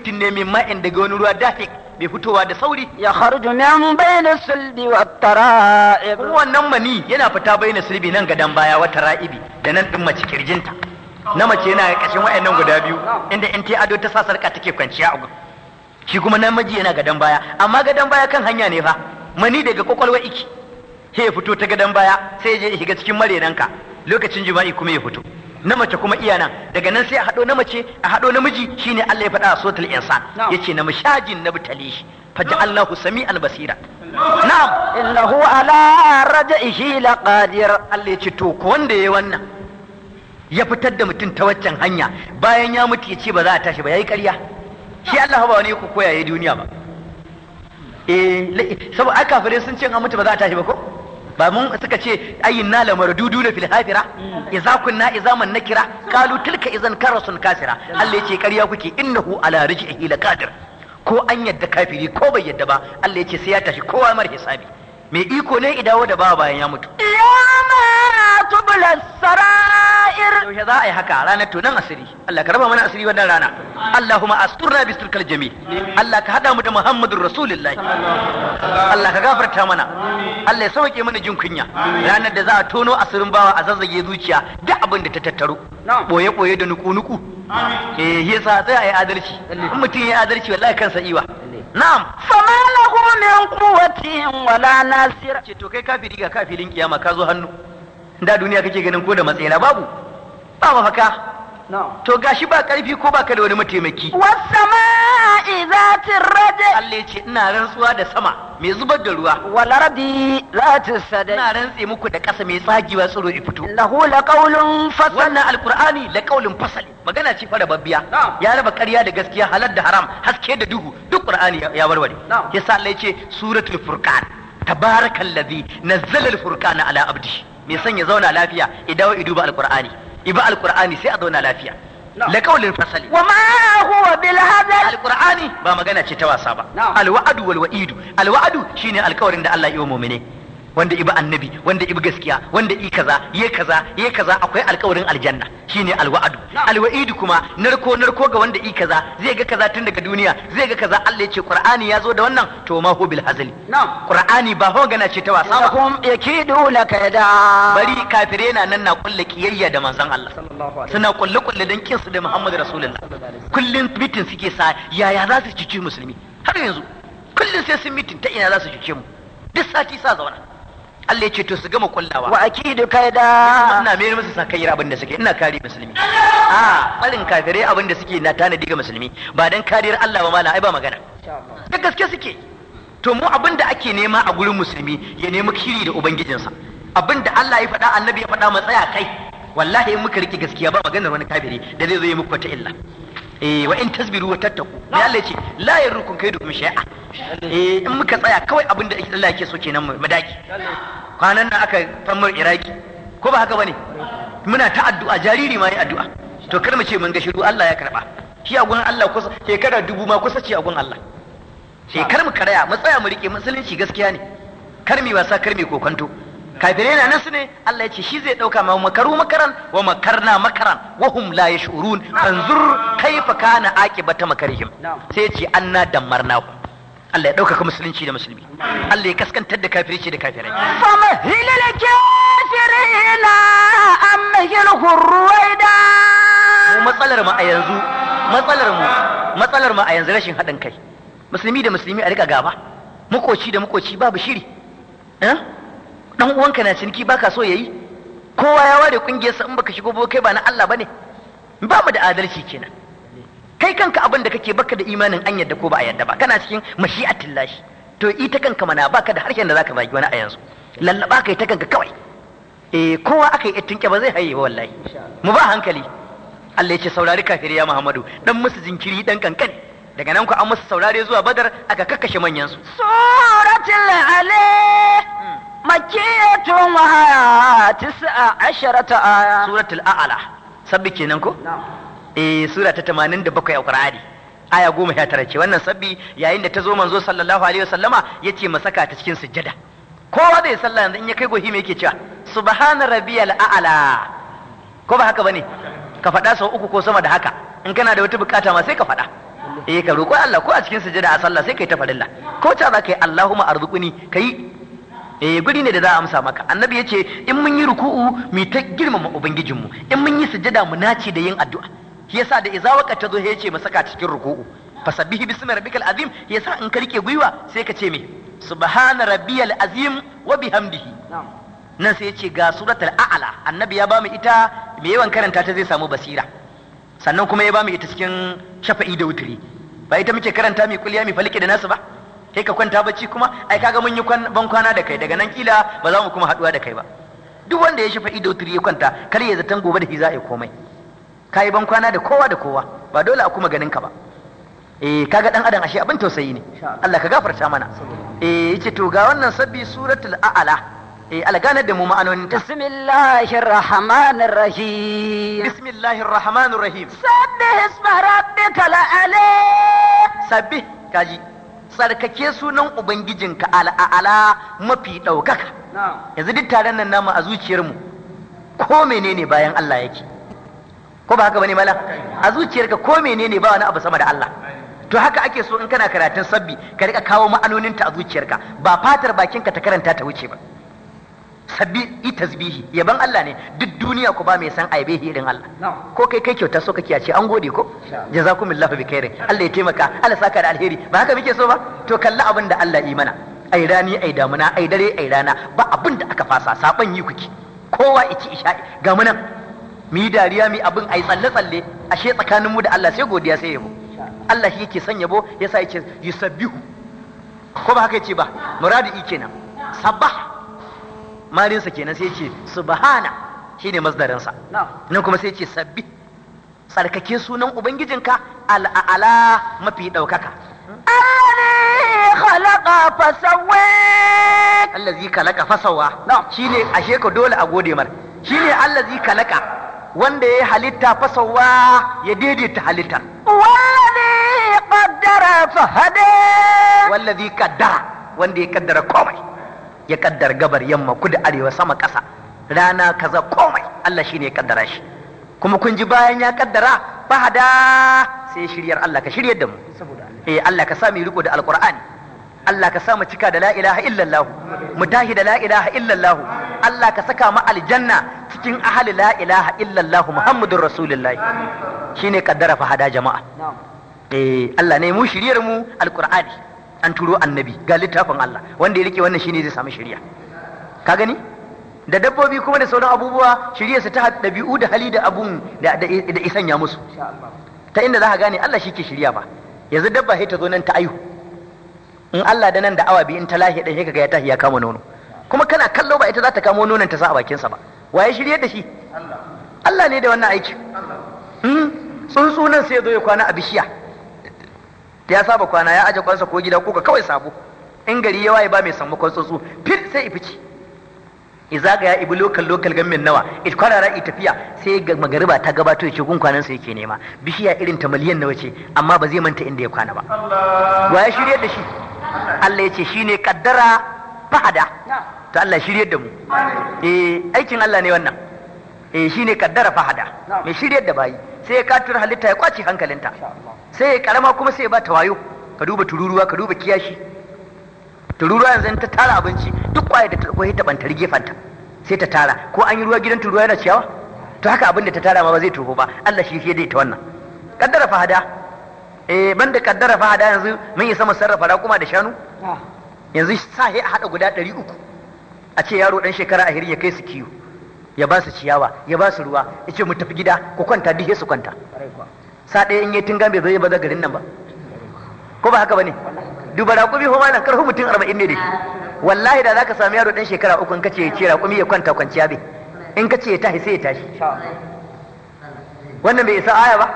mutum ne min ma'in daga wani ruwa dafik mai fitowa da sauri ya kharju min bayna sulbi wa tara'ib wannan mani yana fita bayna sulbi nan gadan baya wa tara'ibi da nan din mace kirjinta na mace yana kashin wayannan guda biyu inda in ta ado ta sa sarka take kwanciya a shi kuma namiji yana gadan baya amma gadan baya kan hanya ne fa mani daga kwakwalwa iki sai ya fito ta gadon baya sai ya je ya shiga cikin marenanka lokacin jima'i kuma ya fito na mace kuma iya nan daga nan sai a haɗo na mace a haɗo namiji shine Allah ya faɗa a suratul insan yace na mashajin na butalishi faj'alnahu sami'an basira na'am innahu ala raj'ihi laqadir Allah yace to ko wanda yayi wannan ya fitar da mutum ta waccan hanya bayan ya mutu yace ba za a tashi ba yayi ƙarya shi Allah ba wani ku koyaye duniya ba eh saboda ai kafirai sun ce an mutu ba za a tashi ba ko ba mun suka ce ayin na lamar dudu na fil hafira mm. idza kunna izaman nakira qalu tilka izan karasun kasira mm. Allah ya ce ƙarya kuke innahu ala rij'ihi laqadir ko an yadda kafiri ko bai yadda ba Allah ya ce sai ya tashi kowa mar hisabi mai iko ne idawo da ba bayan ya mutu Ya ma tubla sarair yaushe za a yi haka ranar tunan asiri Allah ka raba mana asiri wannan rana Allahumma asturna bi sirkal jami Allah ka hada mu da Muhammadur Rasulullahi Allah ka gafarta mana Allah ya sauke mana jin kunya ranar da za a tono asirin bawa a zazzage zuciya duk abin da ta tattaru boye boye da nuku nuku eh yasa sai a yi adalci in mutum ya yi adalci wallahi kansa iwa na'am fama lahu min quwwatin wala nasir ce to kai kafiri ga kafirin kiyama ka zo hannu da duniya kake ganin ko da matsayina babu ba mafaka to gashi ba karfi ko ba da wani mataimaki wasama'i zatir rad Allah ce ina rantsuwa da sama mai zubar da ruwa rabi za ta sadai ina rantse muku da ƙasa mai tsagewa tsiro i fito lahu laqawlun fasal wannan alqur'ani laqawlun fasal magana ce fara babbiya ya raba ƙarya da gaskiya halal da haram haske da duhu duk ƙur'ani ya warware yasa Allah ya ce suratul furqan tabarakallazi nazzala al-furqana ala abdi mai son ya zauna lafiya idawo iduba alqur'ani ibi alkur'ani sai a zauna lafiya la qawlin fasali wa ma huwa bil hadal alqur'ani ba magana ce ta wasa ba alwa'du wal wa'idu alwa'du shine alƙawarin da Allah ya yi wa mu'mine wanda ibi annabi wanda ibi gaskiya wanda i kaza ye kaza ye kaza akwai alkawarin aljanna shine alwa'adu alwa'idu kuma narko narko ga wanda i kaza zai ga kaza tun daga duniya zai ga kaza Allah ya ce qur'ani ya zo da wannan to ma hu bil hazali qur'ani ba ho gana ce ta wasa ba kum yakiduna da. bari kafire na nan na kulle kiyayya da manzon Allah suna kulle kulle dan kin su da Muhammad rasulullah kullun bitin suke sa yaya za su cici musulmi har yanzu kullun sai sun mitin ta ina za su mu duk sati sa zauna Allah ya ce to su gama kullawa wa akidu kaida ina mai musu sakayyar abin da suke ina kare musulmi a ah, barin kafirai abin da suke na tanadi ga musulmi ba dan kariyar Allah ba mala ai ba magana da gaske suke to mu abin da ake nema a gurin musulmi ya nemi kiri da ubangijinsa abin da Allah ya faɗa annabi ya faɗa matsaya tsaya kai wallahi in muka rike gaskiya ba maganar wani kafiri da zai zo ya muku wata illa eh wa in tasbiru wa tattaku ya Allah ya ce la yarukun kai domin shay'a eh in muka tsaya kawai abin da Allah yake so kenan mu madaki kwanan nan aka fammar iraki ko ba haka bane muna ta addu'a jariri ma yi addu'a to kar mu ce mun ga shiru Allah ya karba shi a gurin Allah kusa shekara dubu ma kusa ce a gurin Allah shekar eh, mu karaya mu tsaya mu rike musulunci gaskiya ne kar mi wasa kar mi kokonto kafirai na nasu ne Allah ya ce shi zai dauka ma makaru makaran wa makarna makaran wa hum la yashurun anzur kaifa kana aqibata makarihim sai ya ce anna damarnahu Allah ya ɗaukaka musulunci da musulmi Allah ya kaskantar da kafirci da kafirai fama an kafirina amhil hurwaida mu matsalar mu a yanzu matsalar mu matsalar mu a yanzu rashin haɗin kai musulmi da musulmi a rika gaba makoci da makoci babu shiri dan eh? uwanka na ciniki baka so yayi kowa ya ware kungiyarsa in baka shigo ba kai ba na Allah bane ba mu da adalci kenan kai kanka abin da kake baka da imanin an yadda ko ba a yadda ba kana cikin mashi'atin lashi to ita kanka mana baka da harshen da zaka zagi wani a yanzu lallaba kai ta kanka kawai eh kowa aka yi tinke ba zai haye wallahi mu ba hankali Allah ya ce saurari kafiri ya Muhammadu dan musu jinkiri dan kankan daga nan ku an musu saurare zuwa badar aka kakkashe manyan su suratul ali مكية وها تسعة عشرة آية سورة Al'a sabbi kenan ko. eh sura ta 87 a aya goma sha tara ce wannan sabbi yayin da ta zo manzo sallallahu alaihi wasallama ya ce masaka ta cikin sujjada kowa zai sallah yanzu in ya kai gohi me yake cewa subhana rabbiyal a'la ko ba haka bane ka faɗa sau uku ko sama da haka in kana da wata bukata ma sai ka faɗa eh ka roƙo Allah ko a cikin sujjada a sallah sai kai ta farilla ko ta za ka yi Allahumma arzuqni kai eh guri ne da za a amsa maka annabi ya ce in mun yi ruku'u mu ta girmama ubangijinmu in mun yi sujjada mu nace da yin addu'a shi yasa da izawaka ta zo ya ce mu saka cikin ruku'u fasabihi bismi rabbikal azim yasa in ka rike gwiwa sai ka ce me subhana rabbiyal azim wa bihamdihi nan sai ya ce ga suratul a'la annabi ya bamu ita mai yawan karanta ta zai samu basira sannan kuma ya ba mu ita cikin shafa'i da wuturi ba ita muke karanta mai kulliya mai falike da nasu ba kai ka kwanta bacci kuma ai kaga mun yi ban kwana da kai daga nan kila ba za mu kuma haduwa da kai ba duk wanda ya shafa'i da wuturi ya kwanta kar ya zaton gobe da shi za yi komai ka yi bankwana da kowa da kowa ba dole a kuma ganin ka ba eh kaga dan adam ashe abin tausayi ne Allah ka gafarta mana eh yace to ga wannan sabbi suratul a'la eh alganar da mu ma'anonin ta bismillahir rahmanir rahim bismillahir rahmanir rahim sabbih isma rabbikal a'la sabbih kaji sarkake sunan ubangijinka al'a'ala mafi ɗaukaka yanzu duk taron nan namu a zuciyarmu ko menene bayan Allah yake ko ba haka bane malam a zuciyarka ko menene ba wani abu sama da Allah to haka ake so in kana karatun sabbi ka rika kawo ma'anoninta a zuciyarka ba fatar bakin ka ta karanta ta wuce ba sabbi i tasbihi yaban Allah ne duk duniya ku ba mai san aibehi irin Allah ko kai kai kyauta so kake ce an gode ko jazakumullahu bi khairin Allah ya taimaka Allah saka da alheri ba haka muke so ba to kalli abin da Allah yi mana ai rani ai damuna ai dare ai rana ba abin da aka fasa saban yi kuke kowa ci isha'i ga munan mu yi dariya mu abin a yi tsalle-tsalle ashe tsakanin mu da Allah sai godiya sai yabo Allah shi yake son yabo yasa yake yusabbihu ko ba haka yace ba muradi i kenan sabah malin sa kenan sai yace subhana shine masdarin sa nan kuma sai yace sabbi tsarkake sunan ubangijinka al'ala mafi daukaka Allah khalaqa fasawwa allazi khalaqa fasawa shine ashe ka dole a gode mar shine allazi khalaqa wanda ya halitta fasawa ya daidaita halittar wallazi kaddara fahada wallazi kaddara, wanda ya kaddara komai ya kaddara gabar yamma kudu arewa sama ƙasa rana kaza komai Allah shi ne ya kaddara shi kuma kun ji bayan ya kaddara fahada sai shiryar Allah ka shiryar da mu eh Allah ka sa mu riko da Alƙur'ani. Allah ka sa mu cika da la ilaha illallah mu tahi da la ilaha Allah ka saka mu aljanna cikin ahli la ilaha illallah Muhammadur Rasulullah shine kaddara fa hada jama'a eh Allah ne mu shirya mu alqur'ani an turo annabi ga littafin Allah wanda ya rike wannan shine zai samu shiriya ka gani da dabbobi kuma da sauran abubuwa shiriyar su ta dabi'u da hali da abun da isan ya musu ta inda za ka gane Allah shi ke shirya ba yanzu dabba sai ta zo nan ta aihu in Allah da nan da awa biyu in ta lahi dan kaga ya tahi ya kama nono kuma kana kallo ba ita za ta kama nonon ta sa a bakinsa ba waye shirye da shi Allah ne da wannan aiki hmm? tsuntsu nan sai ya zo ya kwana a bishiya ya saba kwana ya aje kwansa ko gida ko ka kawai sabo in gari ya waye ba mai sammakon tsuntsu fil sai ifici ga ya ibi lokal lokal gamin nawa it kwarara i tafiya sai ga magariba ta gabato ya ce gun kwanan sa yake nema bishiya irin ta miliyan nawa ce amma ba zai manta inda ya kwana ba wa ya shirye da shi Allah ya ce shine kaddara fahada to Allah shirye da mu eh aikin Allah ne wannan eh shine kaddara fahada mai shirye da bayi sai ya katur halitta ya kwace hankalinta sai ya karama kuma sai ya ta wayo ka duba tururuwa ka duba kiyashi tururuwa yanzu ta tara abinci duk kwaye da kwai ta bantar gefanta sai ta tara ko an yi ruwa gidan ruwa yana ciyawa to haka abin da ta tara ma ba zai tuho ba Allah shi yake ta wannan kaddara fahada eh banda kaddara fahada yanzu mun yi sama sarrafa raƙuma da shanu ah. yanzu sa sai a hada guda 300 a ce yaro dan shekara ahirin ya kai su kiyo ya ba su ciyawa ya ba su ruwa ya ce mu tafi gida ku kwanta duk su kwanta sa ɗaya in yi tun bai zai yi baza garin nan ba ko ba haka ba ne duba raƙumi ho malam karhu mutum arba'in ne da wallahi da zaka sami yaro dan shekara uku in kace ya ce raƙumi ya kwanta kwanciya bai in kace ya tashi sai ya tashi wannan bai isa aya ba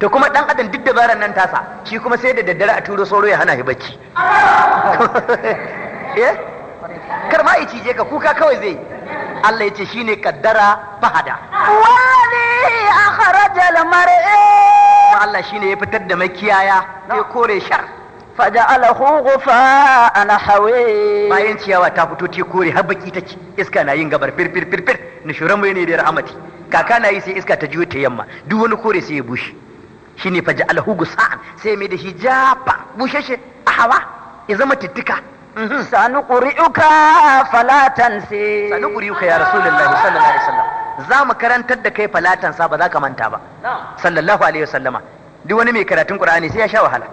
to kuma dan adam duk dabaran nan tasa shi kuma sai da daddare a turo sauro ya hana shi bacci eh kar ma ya cije ka kuka kawai zai Allah ya ce shine kaddara fahada wani akhrajal mar'i Allah shine ya fitar da makiyaya ya kore shar faja'alahu ghufa'an hawi bayan ciyawa ta fito ti kore har baki take iska na yin gabar fir fir fir fir nishuran ne da rahmati kaka na yi sai iska ta juyo ta yamma duk wani kore sai ya bushe shine faja'alahu ghufa'an sai mai da shi jafa bushashe a hawa ya zama tittika mhm. sanu quri'uka falatan sai sanu quri'uka ya rasulullahi sallallahu alaihi wasallam za mu karantar da kai falatan sa ba za ka manta ba sallallahu alaihi wasallama duk wani mai karatun qur'ani sai ya sha wahala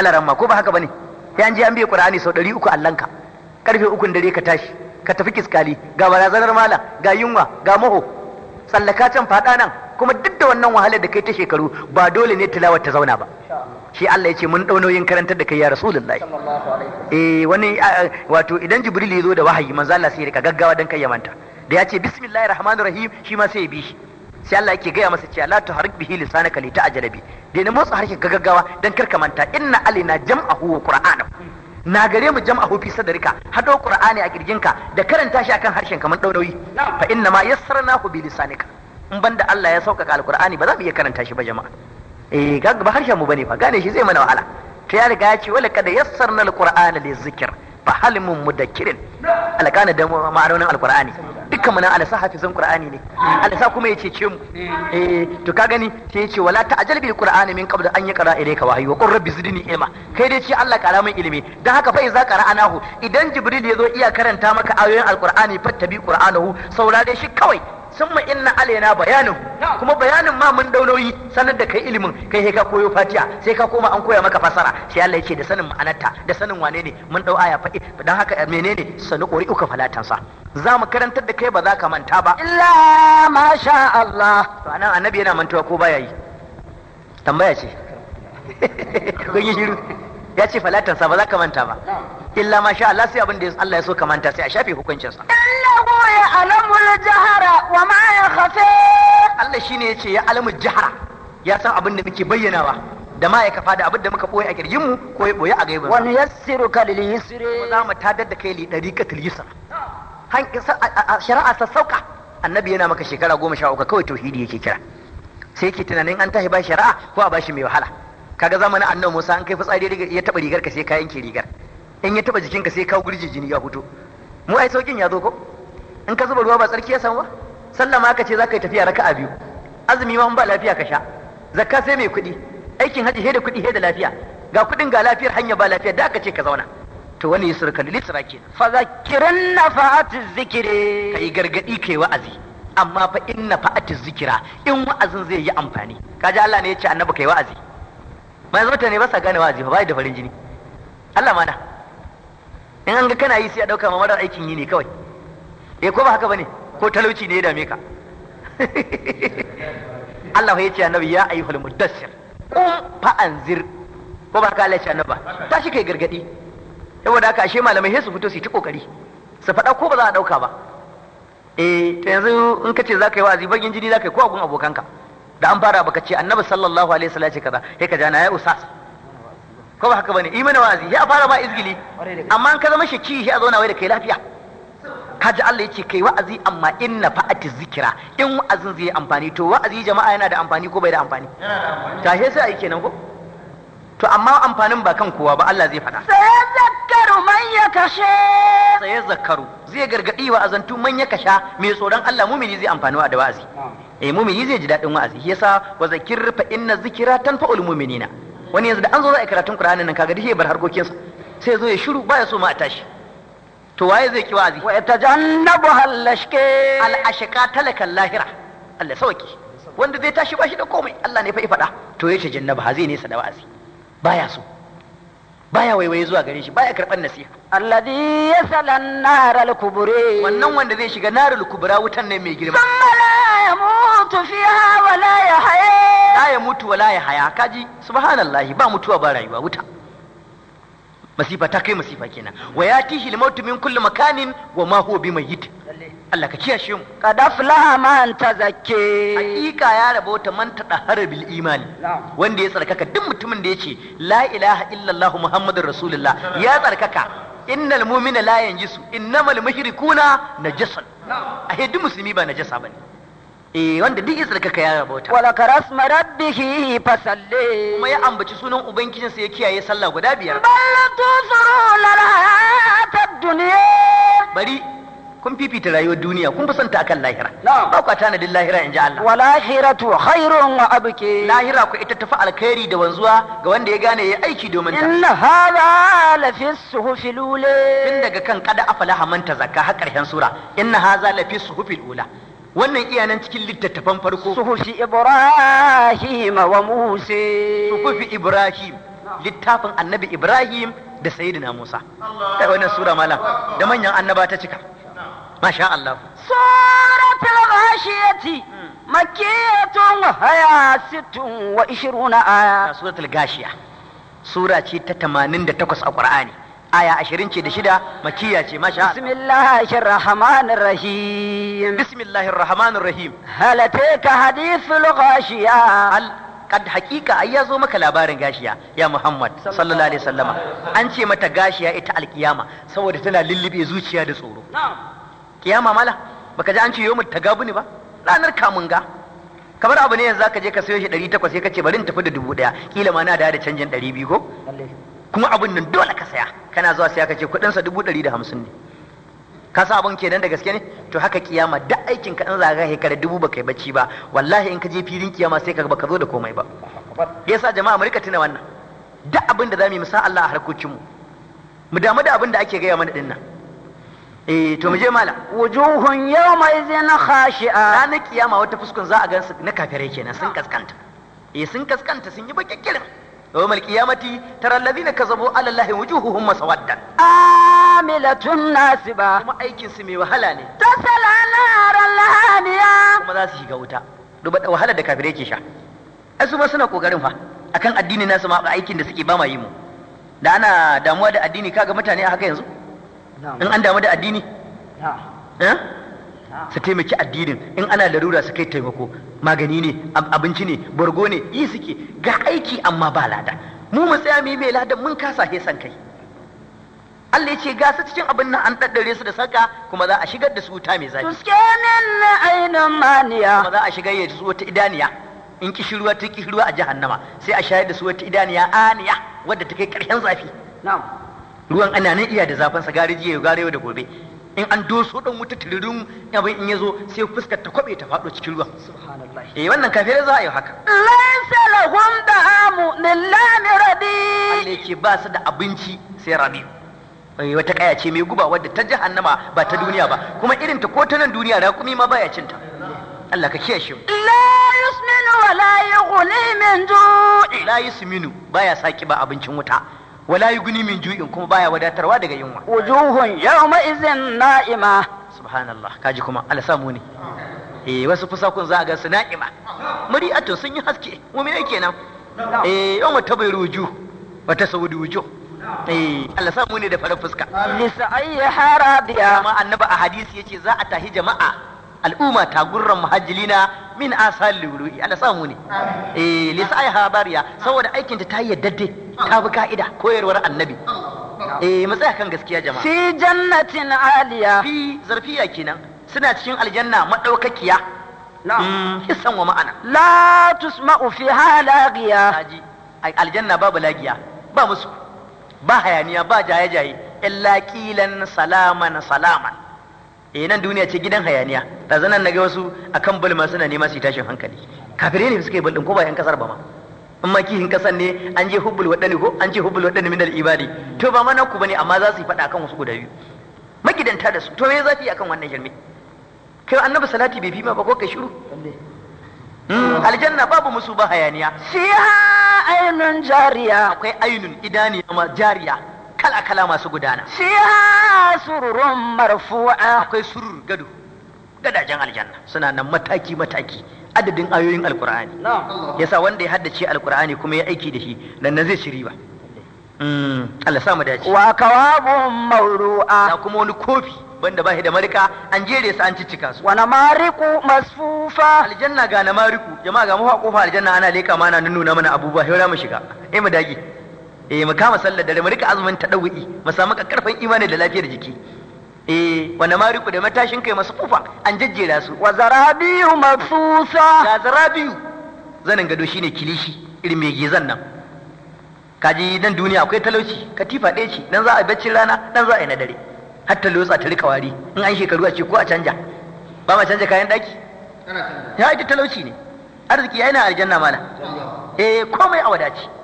alaran ma ko ba haka bane sai an je an biya qur'ani sau 300 allanka karfe ukun dare ka tashi ka tafi kiskali ga barazanar mala ga yunwa ga maho sallaka can fada nan kuma duk da wannan wahalar da kai ta shekaru ba dole ne tilawar ta zauna ba shi Allah ya ce mun dauno yin karantar da kai ya rasulullahi eh wani wato idan jibril ya zo da wahayi manzo Allah sai ya rika gaggawa dan kai ya manta da ya ce bismillahir rahmanir rahim shi ma sai ya bi shi sai Allah yake gaya masa cewa la tuharik bihi lisanaka li ta'jalabi dai ne motsa harshen gaggawa dan karka manta inna alina jam'ahu wa qur'ana na gare mu jam'ahu fi sadrika hado qur'ani a kirginka da karanta shi akan harshen kaman daudawi fa inna ma yassarnahu bi lisanika in banda Allah ya sauƙaƙa alqur'ani ba za mu iya karanta shi ba jama'a eh ga ba harshen mu bane fa gane shi zai mana wahala to ya riga ya ce wala kada yassarna alqur'ana lizikr fa hal mun mudakkirin alƙana da ma'anonin alqur'ani dukkan mana alasa hafizan qur'ani ne alasa kuma ya cece mu eh to ka gani sai yace wala ta'jal bil qur'ani min qabl an yaqra ilayka wahyi wa qur rabbi zidni ilma kai dai ce Allah kara min ilimi dan haka fa iza anahu idan jibril ya zo iya karanta maka ayoyin alqur'ani fattabi qur'anahu saurare shi kawai summa inna alaina bayanin kuma bayanin ma mun daunoyi sanar da kai ilimin kai sai ka koyo fatiha sai ka koma an koya maka fasara sai Allah yake da sanin ma'anarta da sanin wane ne mun dau aya fa'i dan haka eh, menene sanu kori uka falatansa za mu karantar da kai ba za ka manta ba illa ma sha Allah to anan annabi yana mantuwa ko baya yi tambaya ce kun shiru ya ce falatansa ba za ka manta ba illa ma sha Allah sai abin da Allah ya so kamanta sai a shafe hukuncin sa ya ya'lamul jahara wa ma ya khafi Allah shine yace ya alamul jahara ya san abin da muke bayyanawa da ma ya kafa da abin da muka boye a kirjin mu ko ya boye a gaibin wani yassiru kal lil yusri za mu tadar da kai li dariqatil yusra han shari'a sauka annabi yana maka shekara goma sha uku kawai tauhidi yake kira sai yake tunanin an tahi ba shari'a ko a bashi mai wahala kaga zamanin annabi Musa an kai fitsari ya taba rigar ka sai ka yanke rigar in ya taba jikinka sai kawo gurje jini ya fito mu ai saukin ya zo ko in ka zuba ruwa ba tsarki ya samu ba sallah ma aka ce zaka yi tafiya raka'a biyu azumi ma in ba lafiya ka sha zakka sai mai kuɗi aikin haji he da kuɗi he da lafiya ga kuɗin ga lafiyar hanya ba lafiya da aka ce ka zauna to wani yi surka litsira ke fa zakirin na fa'ati zikiri kai gargadi kai wa'azi amma fa inna fa'ati zikira in wa'azin zai yi amfani kaji Allah ne ya ce annabi kai wa'azi manzo ne ba sa gane wa'azi ba bai da farin jini Allah mana in an ga kana yi sai a dauka ma aikin yi ne kawai E, ko ba haka bane ko talauci ne ya dame ka Allah ya ce annabi ya ayyuhal mudassir qum fa anzir ko ba ka Allah ya ce annabi tashi kai gargadi saboda haka ashe malamai sai su fito su yi ta kokari su faɗa ko ba za a dauka ba eh to yanzu in ka ce za ka yi wa'azi bagin jini za ka yi ko a gun abokanka da an fara baka ce annabi sallallahu alaihi wasallam ya ce kaza sai ka ja na ya usas ko ba haka bane mana wa'azi ya fara ma izgili amma an ka zama shi ki shi a zauna wai da kai lafiya kaji Allah yake kai wa'azi amma in na fa'ati zikira in wa'azin zai amfani to wa'azi jama'a yana da amfani ko bai da amfani tashe sai ai kenan ko to amma amfanin ba kan kowa ba Allah zai faɗa sai zakaru man ya kashe sai zakaru zai gargadi wa'azantu man ya kasha mai tsoron Allah mumini zai amfani wa da wa'azi eh mumini zai ji daɗin wa'azi yasa wa zakir fa inna zikira tanfa'ul mu'minina wani yanzu da an zo za a yi karatun Qur'anin nan kaga dishe bar sa sai zo ya shiru baya so ma a tashi to waye zai ki wa'azi wa yatajannabu halashke al ashqa talakan lahira Allah sauki wanda zai tashi bashi da komai Allah ne fa ifada to ya tajannabu ha zai nesa da wa'azi baya so baya waiwaye zuwa gare shi baya karɓar nasiha alladhi yasala an-nar al kubra wannan wanda zai shiga nar al-kubra wutan ne mai girma amma la yamutu fiha wala la yahya la yamutu wala yahya kaji subhanallahi ba mutuwa ba rayuwa wuta masifa ta kai masifa kenan wa ya tishi lima min kulli makanin wa ma huwa mayyit Allah ka kiyashe mu qad ma anta zakke hakika ya ta manta da bil imani wanda ya tsarkaka duk mutumin da yace la ilaha illallah muhammadur rasulullah ya tsarkaka innal mu'mina la yanjisu innamal mushrikuna najasan a duk musulmi ba najasa bane eh wanda duk isar kaka ya ta. wala karas marabbihi fasalli kuma ya ambaci sunan ubangijin sa ya kiyaye sallah guda biyar ballatu surulal hayatad dunya bari kun fifita rayuwar duniya kun fi santa akan lahira ba ku tanadin lahira in ji Allah wala hiratu khairun wa abki lahira ku ita tafi alkhairi da wanzuwa ga wanda ya gane ya aiki domin ta inna hadha la fi suhufil ula tun daga kan kada afala hamanta zakka har karshen sura inna hadha la fi suhufil ula wannan iya cikin littattafan farko suhufi ibrahim wa musa suhufi ibrahim littafin annabi ibrahim da sayyidina musa kai wannan sura malam da manyan annaba ta cika masha Allah suratul ghashiyati hmm. makkiyatun haya sittun wa ishiruna aya suratul gashiya sura ce ta 88 a qur'ani aya ashirin ce da shida makiya ce masha bismillahir rahmanir rahim bismillahir rahmanir rahim halate ka hadithul ghashiya kad hakika ai ya zo maka labarin gashiya ya Muhammad sallallahu alaihi wasallama an ce mata gashiya ita alkiyama saboda tana lullube zuciya da tsoro kiyama mala baka ji an ce yawmut tagabuni ba ranar kamun ga. kamar abu ne yanzu zaka je ka sayo shi 800 sai ka ce bari in tafi da 1000 kila ma na da da canjin 200 ko kuma abin nan dole ka saya kana zuwa saya kace kudin sa dubu ɗari da hamsin ne ka sa abin kenan da gaske ne to haka kiyama da aikin ka in zaga ka kare dubu baka yi bacci ba wallahi in ka je filin kiyama sai ka baka zo da komai ba yasa jama'a mu rika tuna wannan duk abin da zamu yi musa Allah a harkokin mu mu damu da abin da ake gaya mana dinnan eh to mu je mala wujuhun yawma idhin khashi'a ranar kiyama wata fuskun za a gan su na kafirai kenan sun kaskanta eh sun kaskanta sun yi bakin Ɗau Malkiya mati, tare da zina kanzaben allah-u-wani, huhu masa nasiba. Kuma aikinsu mai wahala ne. Tos ne ranar lahadiya? za su yi ga wuta, dubaɗɗe wahala da kafin ke sha. Ƴan suma suna ƙoƙarin fa. akan addini nasu sama aikin da suke bama yi mu. Da ana damuwa da addini, kaga mutane a haka yanzu? In an damu da addini? su taimaki addinin in ana larura su kai taimako magani ne abinci ne bargo ne yi suke ga aiki amma ba lada mu mu tsaya mu mai ladan mun kasa he san kai Allah ya ce ga su cikin abin nan an daddare su da saka kuma za a shigar da su wuta mai zafi tuskenin na ainun maniya kuma za a shigar da su wata idaniya in ruwa ta ruwa a jahannama sai a shayar da su wata idaniya aniya wadda ta kai karshen zafi na'am ruwan ana nan iya da zafin sa gari jiya gare da gobe in an doso dan wuta tiririn abin in yazo sai fuskar ta kwabe ta fado cikin ruwa subhanallah eh wannan kafirai za a yi haka laysa lahum ta'amu lillahi rabi Allah yake ba su da abinci sai rabi eh wata kaya ce mai guba wadda ta jahannama ba ta duniya ba kuma irin ta ko ta nan duniya da kuma ma baya cinta Allah ka kiyaye shi la yusminu wa la yughni min ju'i la yusminu baya saki ba abincin wuta wala yughni min ju'in kuma baya wadatarwa daga yunwa wujuhun yawma idhin na'ima subhanallah kaji kuma Allah samu ne eh wasu fusakun za a ga su na'ima muri'atun sun yi haske mu'mina kenan eh yawma tabayru wujuh wa tasawudu wujuh eh, Allah samu ne da farar fuska. Lisa ayi harabiya. Amma annaba a hadisi yace za a tahi jama'a al'umma ta gurran muhajjilina min asal lulu'i Allah samu ne eh lisa ai habariya saboda aikin ta tayi dadde ta bi ka'ida koyarwar annabi eh tsaya kan gaskiya jama'a fi jannatin aliya fi zarfiya kenan suna cikin aljanna madaukakiya na'am mm, hissan wa ma'ana la tusma'u fiha lagiya ai aljanna babu lagiya ba musu ba hayaniya ba jaye-jaye illa kilan salaman salaman eh nan duniya ce gidan hayaniya ɗazanan na ga wasu akan bulma suna nema su tashin hankali kafirai ne suka yi bulɗin ko ba 'yan kasar ba ma in ma kihin kasar ne an je hubbul waɗani ko an ce hubbul waɗani min ibadi to ba ma ku bane amma za su yi faɗa akan wasu guda biyu magidanta da su to me zafi akan wannan shirme kai annabi salati bai fi ma ba ko kai shiru hmm, aljanna babu musu ba hayaniya fiha ainun jariya akwai ainun idani ma jariya kala-kala masu gudana Shi ha sururun marfu'a akwai surur gado gadajen aljanna suna nan mataki-mataki adadin ayoyin alkur'ani yasa wanda ya haddace alkur'ani kuma ya aiki da shi nan zai shiri ba hmm, Allah sa mu dace wa kawabun Ma'uru'a. da kuma wani kofi banda ba shi da marika an jere su an ciccika su wa namariku masufa. aljanna ga namariku jama'a ga mafa kofa aljanna ana leka mana nuna mana abubuwa sai mu shiga eh mu dage eh mu kama sallar dare mu rika azumin ta tadawwi mu samu kakkarfan imani da lafiyar jiki eh wanda ma riku da matashin kai masu kufa an jejjera su wa zarabiyu mafusa ga zarabiyu zanin gado shine kilishi irin mai gizan nan kaji dan duniya akwai talauci katifa ɗaya ce dan za a bacci rana dan za a yi na dare har ta lotsa ta rika wari in an shekaru a ce ko a canja ba ma canja kayan daki ya ita talauci ne arziki yana aljanna mana eh komai a wadaci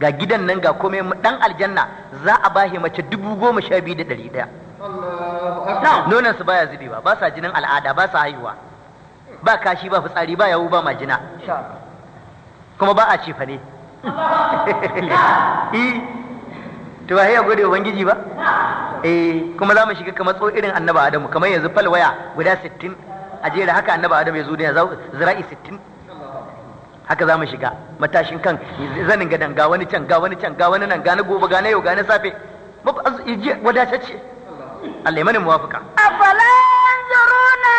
ga gidan nan ga komai dan aljanna za a bahi mace dubu goma sha biyu da ɗari ɗaya Nonan su baya zubewa ba sa jinin al'ada ba sa haihuwa ba kashi ba fitsari ba yawu ba majina kuma ba a cefa ne eh. to ba ya gode ubangiji ba eh kuma za mu shiga kamar tso irin annaba adamu kamar yanzu falwaya guda sittin. a jera haka annaba adamu ya zo da zira'i sittin. haka za mu shiga matashin kan zanin gadan ga wani can ga wani can ga wani nan ga na gobe ga na yau ga na safe wadatacce Allah mani muwafaka afala yanzuruna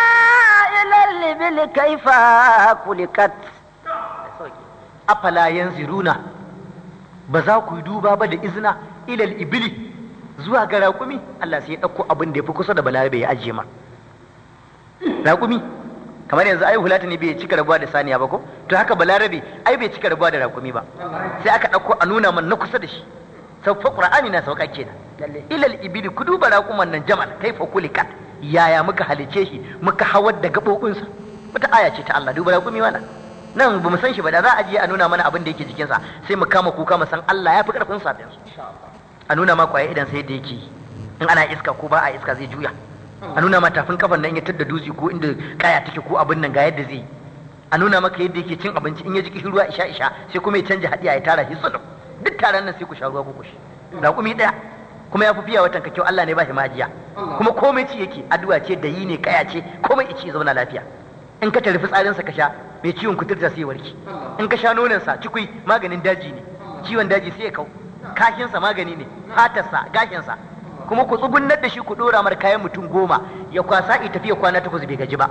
ila libil kaifa kulikat afala yanzuruna ba za ku duba ba da izina ila ibili zuwa ga raƙumi Allah sai ya ɗauko abin da ya fi kusa da balarabe ya ajiye ma raƙumi kamar yanzu ai ne bai cika rabuwa da saniya ba ko to haka balarabe ai bai cika rabuwa da rakumi ba sai aka ɗauko a nuna man na kusa da shi fa qur'ani na sauka kenan ilal ibidi ku duba raƙuman nan jamal kaifa kulika yaya muka halice shi muka hawar da gaɓoɓinsa wata aya ce ta Allah duba raƙumi wala nan ba mu san shi ba da za a je a nuna mana abin da yake jikinsa sai mu kama kuka mu san Allah ya fi karfin safiyansu a nuna ma kwaye idan sai da yake in ana iska ko ba a iska zai juya a nuna ma tafin kafan nan ya tadda dutse ko inda kaya take ko abin nan ga yadda zai a nuna maka yadda yake cin abinci in ya ji kishin ruwa isha isha sai kuma ya canja hadiya ya tara shi sulum duk taron nan sai ku sha ruwa ku kushi kuma ɗaya kuma ya fi fiya watan kyau Allah ne ba shi majiya kuma komai ci yake addu'a ce da yi ne kaya ce komai ici zauna lafiya in ka tarfi sa ka sha mai ciwon kuturta sai warki in ka sha sa cikui maganin daji ne ciwon daji sai ya kau sa magani ne fatarsa sa kuma ku tsugunnar da shi ku dora mar kayan mutum goma ya kwasa i tafiya kwana takwas bai gaji ba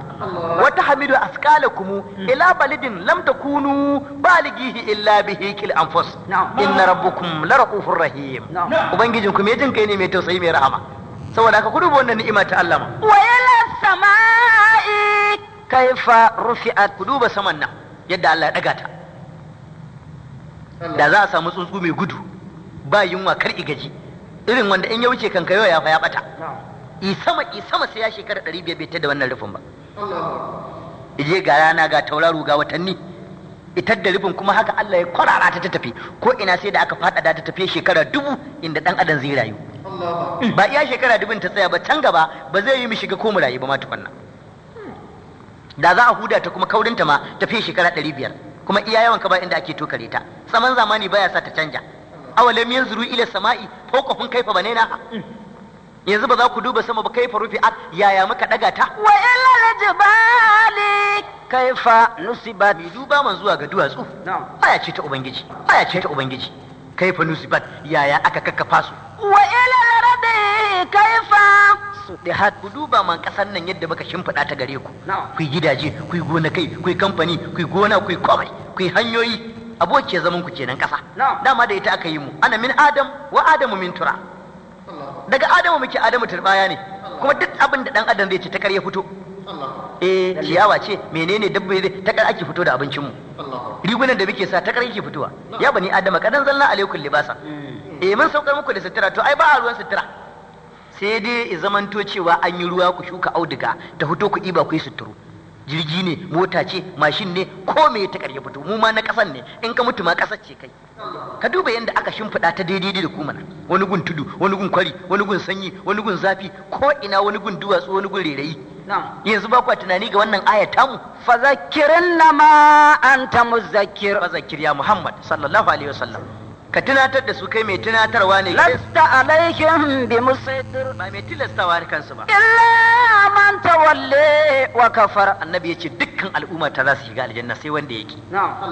wata hamidu asqalakum hmm. ila balidin lam takunu balighihi illa bihi kil anfus inna rabbukum laraqufur rahim ubangijin ku me jin kai ne mai tausayi mai rahama saboda ka ku duba wannan ni'ima ta Allah wa ila samai kaifa rufi'at ku duba saman nan yadda Allah ya daga ta da za a samu tsuntsu mai gudu ba yunwa kar gaji. irin wanda in ya wuce kan kayo ya fa ya bata i sama i sama sai ya shekara 500 bai ta da wannan rufin ba ije ga rana ga tauraro ga watanni itar da rufin kuma haka Allah ya kwarara ta ta tafi ko ina sai da aka faɗaɗa ta tafi shekara dubu inda ɗan adam zai rayu ba iya shekara dubin ta tsaya ba can gaba ba zai yi mu shiga ko mu rayu ba ma tukunna da za a huda ta kuma kaurinta ma tafi shekara ɗari biyar kuma iya yawan ka ba inda ake tokare ta tsaman zamani baya sa ta canja awalam yanzuru ila sama'i fawqahum kaifa banainaha yanzu ba za ku duba sama ba kaifa rufi'at yaya muka daga ta wa ila aljibali kaifa nusibat bi duba man zuwa ga duwatsu aya ce ta ubangiji aya ce ta ubangiji kaifa nusibat yaya aka kakkafa su wa ila rabbi kaifa sudihat ku duba man kasan nan yadda muka shimfiɗa ta gare ku ku gidaje ku kai, ku kamfani ku gona ku komai ku hanyoyi abokiyar zaman ku kenan kasa dama da ita aka yi mu ana min adam wa adamu min tura daga adamu muke adamu turbaya ne kuma duk abin da dan adam zai ci ta ya fito eh ciyawa ce menene dabba zai ta ake fito da abincin mu rigunan da muke sa ta yake fitowa ya bani adama dan zalla alaikum libasa eh. eh mun saukar muku da sutura to ai ba a ruwan sutura sai dai zamanto cewa an yi ruwa ku shuka auduga ta fito ku iba ku yi suturu jirgi ne mota ce mashin ne ko me ta karya fito mu ma na kasan ne in ka mutu ma kasar ce kai ka duba yadda aka shimfiɗa ta daidai da kuma wani gun tudu wani gun kwari wani gun sanyi wani gun zafi ko ina wani gun duwatsu wani gun rairayi yanzu ba kwa tunani ga wannan aya mu fa zakirin ma anta muzakkir fa zakir ya muhammad sallallahu alaihi wasallam ka tunatar da su kai mai tunatarwa ne lasta alaihim bi musaitir ba mai tilastawa da kansu ba illa man tawalle wa kafar annabi yace dukkan al'umma ta za su shiga aljanna sai wanda yake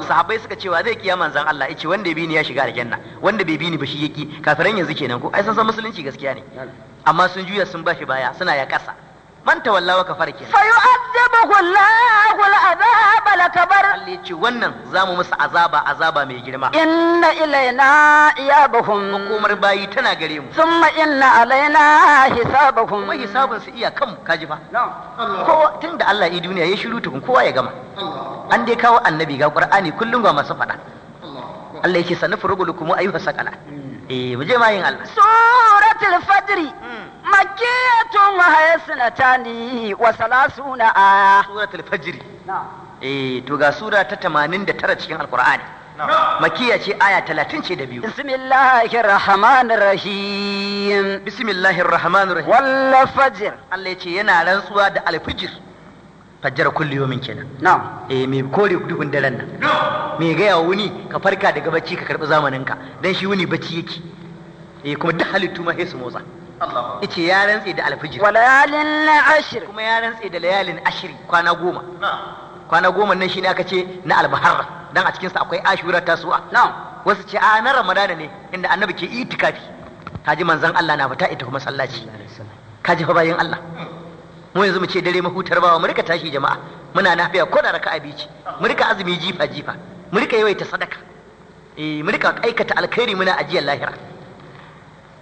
sahabbai suka cewa zai kiya manzon Allah yace wanda bi ni ya shiga aljanna wanda bai bi ni ba shi yake kafiran yanzu kenan ko ai san san musulunci gaskiya ne amma sun juya sun bashi baya suna ya kasa man tawalla wa kafar kenan lahul azaba lakabar kabar. ce wannan zamu musu azaba azaba mai girma inna ilaina iyabahum hukumar bayi tana gare mu summa inna alaina hisabahum wai hisabun su iya kan kaji fa kowa tunda Allah ya duniya ya shiru tukun kowa ya gama an dai kawo annabi ga qur'ani kullum ga masu faɗa Allah yake sanufu rugulukum ayyuhas sakala hmm. eh je mayin Allah suratul fajri hmm. makiyatun hayasnatani wa salasuna aya suratul fajri eh to ga sura ta 89 cikin Al-Qur'ani. makiya ce aya talatin ce da biyu bismillahir rahmanir rahim bismillahir rahmanir rahim wal fajr Allah ya ce yana rantsuwa da alfijir fajjar kulli yomin kenan na'am eh me kore duhun daren nan me gaya wuni ka farka daga bacci ka karbi zamanin ka dan shi wuni bacci yake eh kuma duk halittu ma sai su motsa Allah yace ya rantse da alfijir wa layalin ashir kuma ya rantse da layalin ashiri kwana goma kwana goma nan shine aka ce na albahar dan a cikin sa akwai ashura tasu'a na'am wasu ce a na ramadana ne inda annabi ke itikafi kaji manzon Allah na fita ita kuma sallaci kaji fa bayin Allah hmm. mu yanzu mu ce dare hutar bawa mu rika tashi jama'a muna nafiya ko da raka'a biyu ce mu rika azumi jifa jifa mu rika yawaita sadaka eh mu rika aikata alkhairi muna ajiyar lahira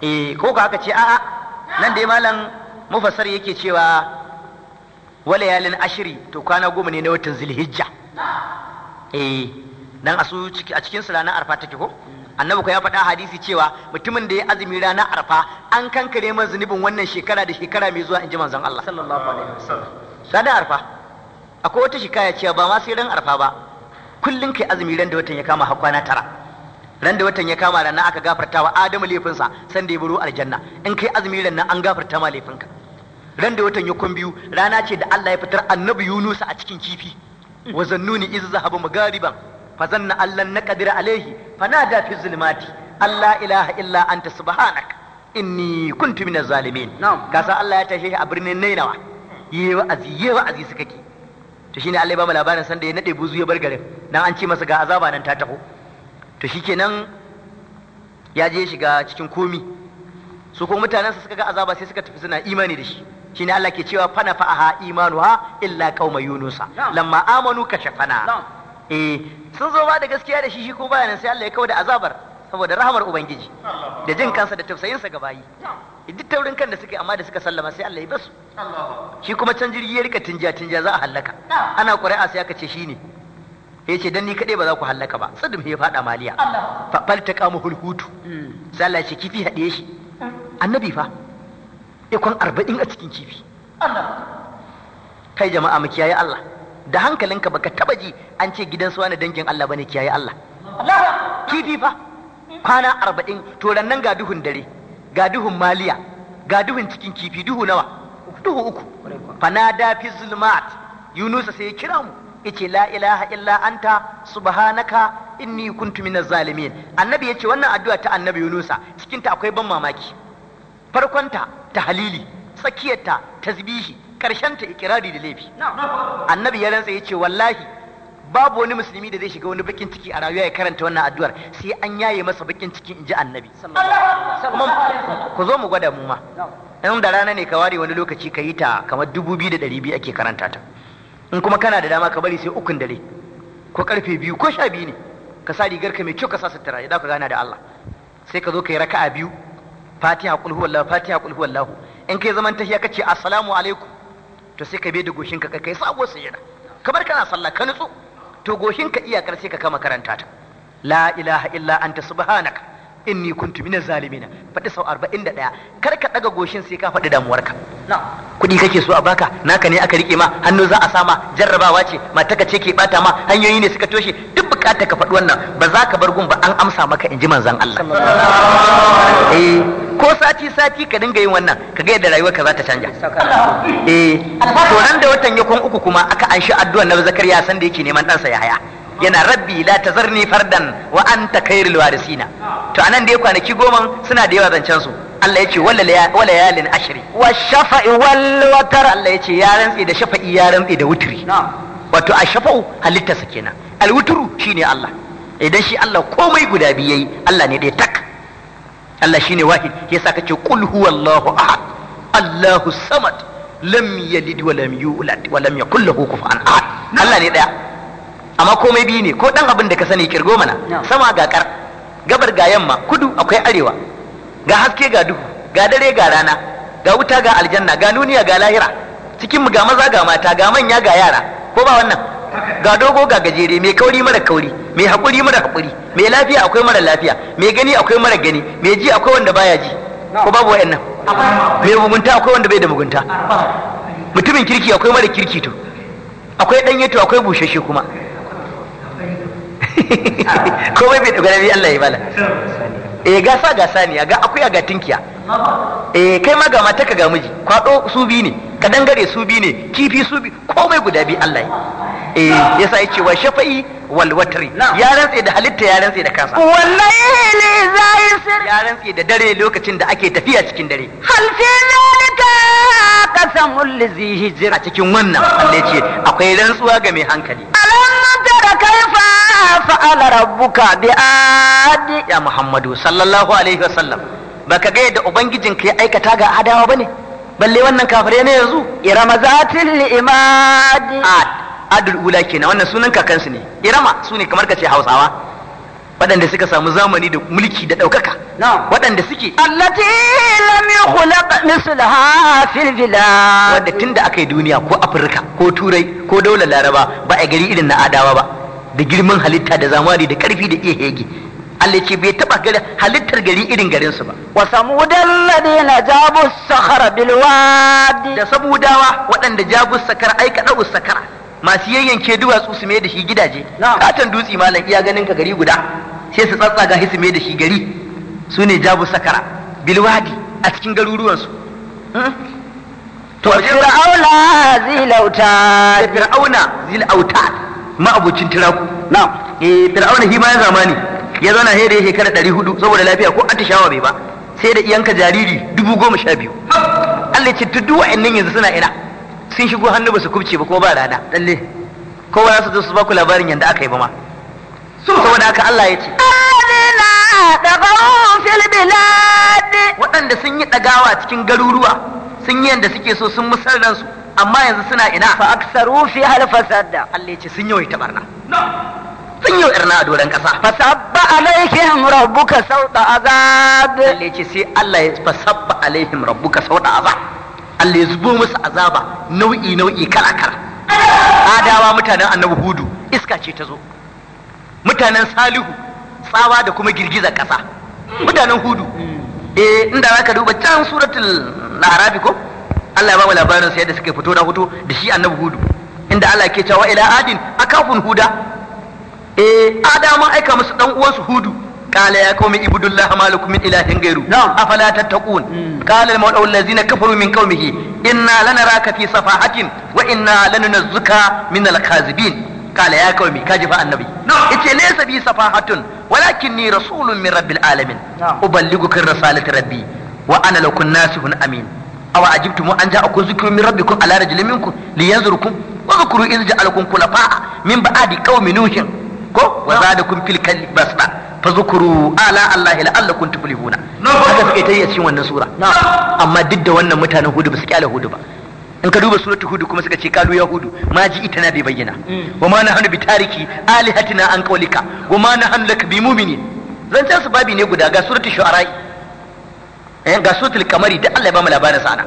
eh ko ka aka ce a'a nan dai malam mufassir yake cewa wa layalin ashiri to kwana goma ne na watan zulhijja eh nan a cikin su arfa take ko annabi ko ya faɗa hadisi cewa mutumin da ya azumi ranar arfa an kankare man zunubin wannan shekara da shekara mai zuwa in ji manzon Allah sallallahu alaihi wasallam sada arfa akwai wata shikaya cewa ba ma sai ran arfa ba kullun kai azumi ran da watan ya kama har kwana tara ran da watan ya kama ran aka gafarta wa Adamu laifinsa san da ya buru aljanna in kai azumi ran nan an gafarta ma laifinka ran da watan ya kun biyu rana ce da Allah ya fitar annabi Yunus a cikin kifi wa zannuni iz zahaba magariban fa zanna allan na qadira alaihi fa nada fi zulmati alla ilaha illa anta subhanak inni kuntu minaz zalimin kasa Allah ya tashe shi a birnin Nainawa yi wa'azi yi wa'azi suka ki to shine Allah ya ba mu labarin sanda ya nade buzu ya bar garin dan an ce masa ga azaba nan ta taho to shikenan ya je shiga cikin komi su kuma mutanensa suka ga azaba sai suka tafi suna imani da shi shine Allah ke cewa fana fa'aha imanuha illa qauma yunusa lamma amanu kashafana eh sun zo ba da gaskiya da shi shi ko bayanan sai Allah ya kawo da azabar saboda rahamar ubangiji da jin kansa da tausayinsa ga bayi duk taurin kan da suke, amma da suka sallama sai Allah ya basu shi kuma can jirgi ya rika tinja tinja za a hallaka ana ƙuri'a sai aka ce shi ne ya ce dan ni kaɗai ba za ku hallaka ba tsadum ya faɗa maliya fal ta kama hulhutu sai Allah ya ce kifi haɗe shi annabi fa ikon arba'in a cikin kifi kai jama'a mu kiyaye Allah da hankalinka baka taba ji an ce gidan su wani dangin Allah bane kiyaye Allah kifi fa kwana arba'in to nan ga duhun dare ga duhun maliya ga duhun cikin kifi duhu nawa duhu uku fanada fi zulmat yunusa sai ya kira mu yace la ilaha illa anta subhanaka inni kuntu minaz zalimin annabi yace wannan addu'a ta annabi yunusa cikin ta akwai ban mamaki farkonta ta halili tsakiyarta tasbihi karshen ta ikirari da laifi annabi ya rantsa ce wallahi babu wani musulmi da zai shiga wani bakin ciki a rayuwa ya karanta wannan addu'ar sai an yaye masa bakin ciki in ji annabi ku zo mu gwada mu ma in da rana ne ka ware wani lokaci ka yi ta kamar dubu biyu da ɗari biyu ake karanta ta in kuma kana da dama ka bari sai ukun dare ko karfe biyu ko sha biyu ne ka sa rigar ka mai kyau ka sa sutura ya ka gana da Allah sai ka zo ka yi raka'a biyu fatiha kulhu Wallahu, fatiha kulhu Wallahu. in kai zaman tahiya kace assalamu alaikum to sai ka bi da goshin ka kai sabo sujada kamar kana sallah ka nutsu to goshin ka iyakar sai ka kama karanta ta la ilaha illa anta subhanaka ni kuntu mina zalimina faɗi sau arba'in da ɗaya kar ka ɗaga goshin sai ka faɗi damuwarka na kuɗi kake so a baka naka ne aka riƙe ma hannu za a sama jarrabawa ce mataka ce ke ɓata ma hanyoyi ne suka toshe duk bukata ka faɗi wannan ba za ka bar gun ba an amsa maka in ji manzan Allah eh ko sati sati ka dinga yin wannan ka ga yadda rayuwarka za ta canja eh to nan da watan yakon uku kuma aka anshi addu'a na zakariya san da yake neman ɗansa ya haya yana rabbi la tazarni fardan wa anta khairul warisina to anan dai kwanaki goma suna da yawa zancen su Allah ya ce wala yalin ashri wa shafa'i wal watar Allah ya ce ya rantsi da shafa'i ya rantsi da wutri wato a shafa'u halitta halittarsa kenan al wutru shine Allah idan shi Allah komai guda biyu yayi Allah ne dai tak Allah shine wahid yasa kace qul huwallahu ahad Allahu samad lam yalid wa lam yulad wa lam yakul lahu kufuwan ahad Allah ne daya amma komai biyu ne ko dan abin da ka sani kirgo mana sama ga kar gabar ga yamma kudu akwai arewa ga haske ga duhu ga dare ga rana ga wuta ga aljanna ga nuniya ga lahira cikin mu ga maza ga mata ga manya ga yara ko ba wannan ga dogo ga gajere mai kauri mara kauri mai hakuri mara hakuri mai lafiya akwai mara lafiya mai gani akwai mara gani mai ji akwai wanda baya ji ko babu wayannan mai mugunta akwai wanda bai da mugunta mutumin kirki akwai mara kirki to akwai danye to akwai bushashe kuma komai bai dogara bi Allah ya bala eh gasa gasa ne ga akuya ga tinkiya eh kai ma ga mata ka ga miji kwado su biyu ne ka gare su bi ne kifi su bi komai guda bi Allah eh yasa yace wa shafa'i wal watri ya rantse da halitta ya rantse da kansa wallahi za sir ya rantse da dare lokacin da ake tafiya cikin dare hal fi zalika qasamul lizi hijra cikin wannan Allah yace akwai rantsuwa ga mai hankali alam tara kaifa fa'ala rabbuka bi adi ya muhammadu sallallahu alaihi wasallam baka ga yadda ubangijinka ya aikata ga adawa bane balle wannan kafare ne yanzu irama zatil imad adul ula kenan wannan sunan kakansu ne irama su ne kamar kace hausawa waɗanda suka samu zamani da mulki da ɗaukaka waɗanda suke allati lam yukhlaq mislaha fil bilad wanda tunda aka yi duniya ko afirka ko turai ko daular laraba ba a gari irin na adawa ba da girman halitta da zamani da karfi da iya hege alici bai taba gari halittar gari irin garin su ba wa samudan ladina jabu sakhara bil wadi da samudawa waɗanda jabu sakara ai dau sakara masu yayyanke duwatsu su mai da shi gidaje katon dutsi malam iya ganin ka gari guda sai su tsatsaga shi su mai da shi gari su ne jabu sakara bil wadi a cikin garuruwan su hmm? to fir'auna zil autad fir'auna zil autad ma abucin tiraku na'am eh fir'auna hima ya zamani ya zauna sai da ya shekara ɗari hudu saboda lafiya ko atishawa bai ba sai da iyanka jariri dubu goma sha biyu Allah ya ce duk wa'annan yanzu suna ina sun shigo hannu ba su kubce ba ko ba rana lalle kowa za su zo su ba ku labarin yanda aka yi ba ma saboda haka Allah ya ce waɗanda sun yi ɗagawa cikin garuruwa sun yi yanda suke so sun musar ransu amma yanzu suna ina fa aksaru fi hal sadda Allah ya ce sun yawaita barna sun yau irna a doron kasa fasabba alaihim rabbuka sauta azab lalle ce sai Allah ya fasabba alaihim rabbuka sauta azab Allah ya zubo musu azaba nau'i nau'i kala kala adawa mutanen annabi hudu iska ce ta zo mutanen salihu tsawa da kuma girgizar kasa mutanen hudu eh inda zaka duba can suratul arabi ko Allah ya ba mu labarin sai da suka fito da hoto da shi annabi hudu inda Allah ke cewa ila adin akafun huda eh adama aika musu dan uwansu hudu قال يا قوم اعبدوا الله ما لكم من اله غيره نعم افلا تتقون قال المولى الذين كفروا من قومه انا لنراك في صفاحه وانا لننزك من الكاذبين قال يا قوم كاجف النبي نعم ليس بي صفاحه ولكني رسول من رب العالمين ابلغكم رساله ربي وانا لكم ناصح امين أو عجبتم أن جاءكم ذكر من ربكم على رجل منكم لينذركم واذكروا إذ جعلكم خلفاء من بعد قوم نوح ko wa zadakum fil kalbi basba zukuru ala allahi la'allakum tuflihuna haka suke ta yi a cikin wannan sura amma duk da wannan mutanen hudu ba su kyale hudu ba in ka duba suratul hudu kuma suka ce kalu hudu. ma ji ita na bai bayyana mm. wa ma nahnu bi tariki alihatina an qawlika wa ma nahnu lak bi mu'minin zancen su babi ne guda ga suratul shu'ara eh ga suratul kamari da Allah ya ba mu labarin sa ana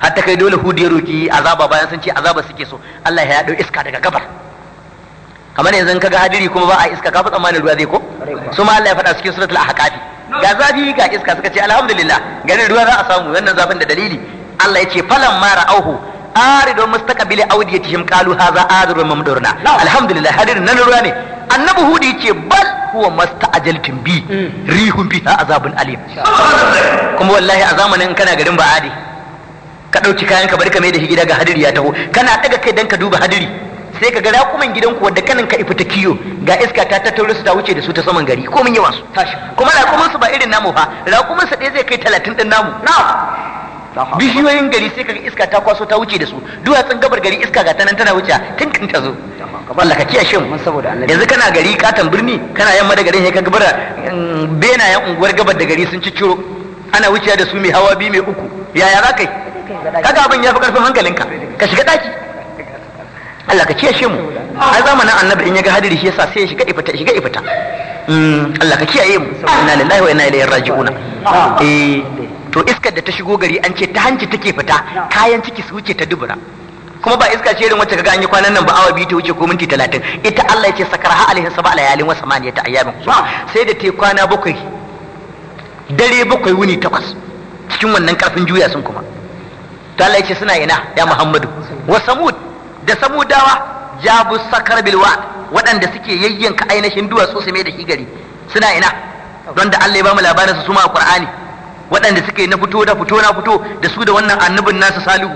hatta kai dole hudu ya roki azaba bayan sun ce azaba suke so Allah ya dau iska daga gabar kamar yanzu ka ga hadiri kuma ba a iska ka fi tsammanin ruwa zai ko su ma Allah ya faɗa cikin suratul ahqafi ga zafi ga iska suka ce alhamdulillah ganin ruwa za a samu wannan zafin da dalili Allah ya ce falan mara auhu arido mustaqbil awdiyatihim qalu hadha adrun mamdurna alhamdulillah hadirin nan ruwa ne annabi Hudi ce bal huwa masta'jaltum bi mm. rihun bi azabun alim kuma wallahi a zamanin kana garin ba'adi ka dauki kayan ka bari ka mai da shi gida ga hadiri ya taho kana daga kai dan ka duba hadiri sai ka ga rakuman gidan ku wadda kanin ka ifi ta kiyo ga iska ta ta su ta wuce da su ta saman gari ko mun yawa su tashi kuma rakuman su ba irin namu ba. rakuman su ɗaya zai kai talatin ɗin namu na'am bishiyoyin gari sai kaga iska ta kwaso ta wuce da su duwatsun gabar gari iska ga tanan tana wuce tun kan ta zo Allah ka kiyashe mu yanzu kana gari katon birni kana yamma da garin sai ka gabar mm, benayen unguwar gabar da gari sun cicciro ana wuciya da su mai hawa biyu mai uku yaya za ka yi kaga abin ya fi karfin hankalinka ka shiga daki Allah ka kiyashe mu a zamanin annabi in ya ga hadiri shi yasa sai ya shiga ifita shiga ifita hmm, Allah ka kiyaye mu inna lillahi wa inna ilaihi raji'una eh to iskar da ta shigo gari an ce ta hanci take fita kayan ciki su wuce ta dubura kuma ba iska ce irin wacce kaga an yi kwanan nan ba awa biyu ta wuce ko minti talatin ita Allah ya ce ha alaihi saba alayalin wa samaniya ta ayyamin sai da ta kwana bakwai dare bakwai wuni takwas cikin wannan karfin juya sun kuma ta Allah ya ce suna ina ya Muhammadu wa samud da samudawa jabu sakar bilwa waɗanda suke yayyanka ainihin duwatsu su mai da shi gari suna ina don da Allah ya ba mu labarin su suma Qur'ani waɗanda suke na fito da fito na fito da su da wannan annabin nasu Salihu